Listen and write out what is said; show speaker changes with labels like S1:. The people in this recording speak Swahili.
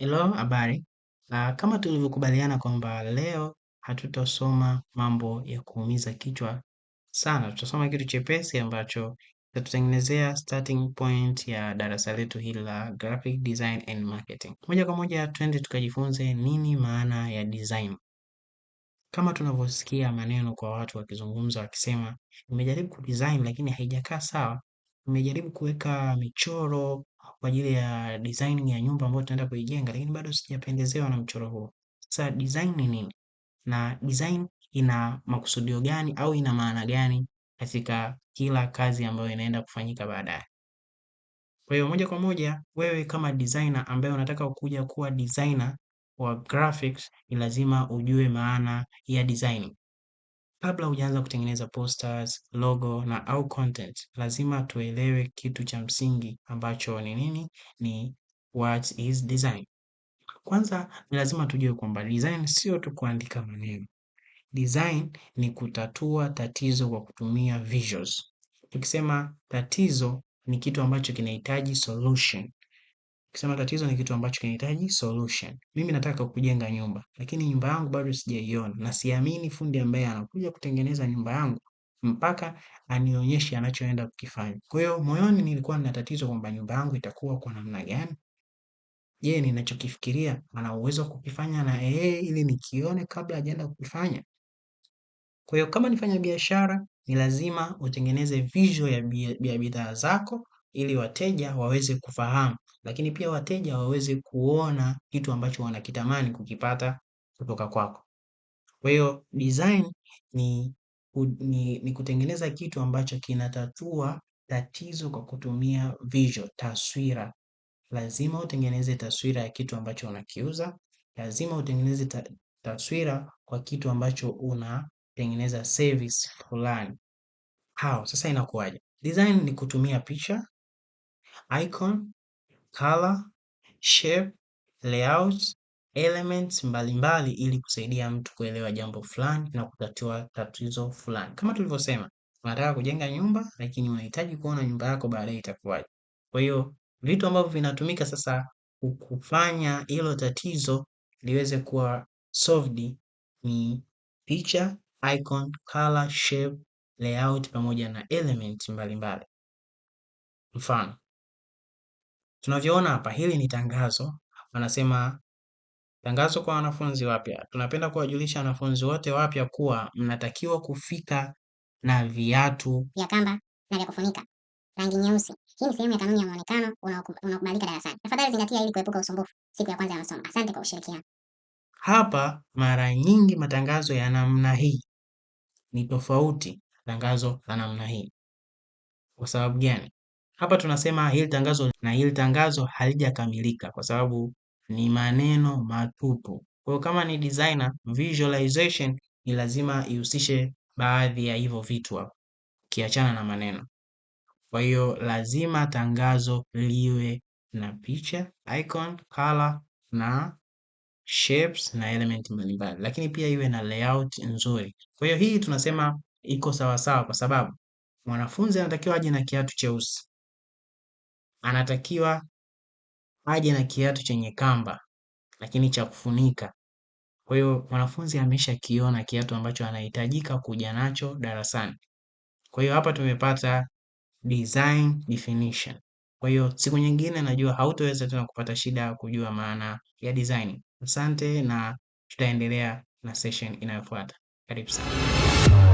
S1: Hello, habari. Na kama tulivyokubaliana kwamba leo hatutasoma mambo ya kuumiza kichwa sana, tutasoma kitu chepesi ambacho kitatutengenezea starting point ya darasa letu hili la graphic design and marketing. Moja kwa moja twende tukajifunze nini maana ya design. Kama tunavyosikia maneno kwa watu wakizungumza wakisema nimejaribu kudesign lakini haijakaa sawa, nimejaribu kuweka michoro kwa ajili ya design ya nyumba ambayo tunaenda kuijenga, lakini bado sijapendezewa na mchoro huo. Sasa design ni nini na design ina makusudio gani au ina maana gani katika kila kazi ambayo inaenda kufanyika baadaye. Kwa hiyo moja kwa moja, wewe kama designer ambaye unataka kuja kuwa designer wa graphics, ni lazima ujue maana ya designing. Kabla hujaanza kutengeneza posters, logo na au content, lazima tuelewe kitu cha msingi ambacho ni nini, ni what is design. Kwanza ni lazima tujue kwamba design sio tu kuandika maneno. Design ni kutatua tatizo kwa kutumia visuals. Tukisema tatizo ni kitu ambacho kinahitaji solution. Kisema tatizo ni kitu ambacho kinahitaji solution. Mimi nataka kujenga nyumba, lakini nyumba yangu bado sijaiona na siamini fundi ambaye anakuja kutengeneza nyumba yangu mpaka anionyeshe anachoenda kukifanya. Kwa hiyo moyoni nilikuwa na tatizo kwamba nyumba yangu itakuwa kwa namna gani? Je, ninachokifikiria ana uwezo wa kukifanya na yeye ili nikione kabla hajaenda kukifanya? Kwa hiyo kama nifanya biashara ni lazima utengeneze visual ya bidhaa zako ili wateja waweze kufahamu, lakini pia wateja waweze kuona kitu ambacho wanakitamani kukipata kutoka kwako. Kwa hiyo design ni, ni, ni kutengeneza kitu ambacho kinatatua tatizo kwa kutumia visual, taswira. Lazima utengeneze taswira ya kitu ambacho unakiuza, lazima utengeneze ta, taswira kwa kitu ambacho unatengeneza service fulani. Hao, sasa inakuwaje? Design ni kutumia picha, icon, color, shape, layout, elements mbalimbali ili kusaidia mtu kuelewa jambo fulani na kutatua tatizo fulani. Kama tulivyosema, unataka kujenga nyumba lakini unahitaji kuona nyumba yako baadaye itakuwaje. Kwa hiyo vitu ambavyo vinatumika sasa kufanya hilo tatizo liweze kuwa solved ni picha, icon, color, shape, layout pamoja na element mbalimbali. Mfano, Tunavyoona hapa hili ni tangazo, wanasema tangazo kwa wanafunzi wapya. Tunapenda kuwajulisha wanafunzi wote wapya kuwa mnatakiwa kufika na viatu vya kamba na vya kufunika rangi nyeusi. Hii ni sehemu ya kanuni ya muonekano unaokubalika darasani. Tafadhali zingatia ili kuepuka usumbufu siku ya kwanza ya masomo. Asante kwa ushirikiano. Hapa mara nyingi matangazo ya namna hii ni tofauti tangazo la namna hii. Kwa sababu gani? Hapa tunasema hili tangazo na hili tangazo halijakamilika kwa sababu ni maneno matupu. Kwa hiyo kama ni designer visualization, ni lazima ihusishe baadhi ya hivyo vitu hapo, ukiachana na maneno. Kwa hiyo lazima tangazo liwe na picha, icon, color na shapes na element mbalimbali, lakini pia iwe na layout nzuri. Kwa hiyo hii tunasema iko sawasawa, kwa sababu mwanafunzi anatakiwa aje na kiatu cheusi anatakiwa aje na kiatu chenye kamba lakini cha kufunika. Kwa hiyo mwanafunzi ameshakiona kiatu ambacho anahitajika kuja nacho darasani. Kwa hiyo hapa tumepata design definition. Kwa hiyo siku nyingine najua hautoweza tena kupata shida kujua maana ya design. Asante na tutaendelea na session inayofuata. Karibu sana.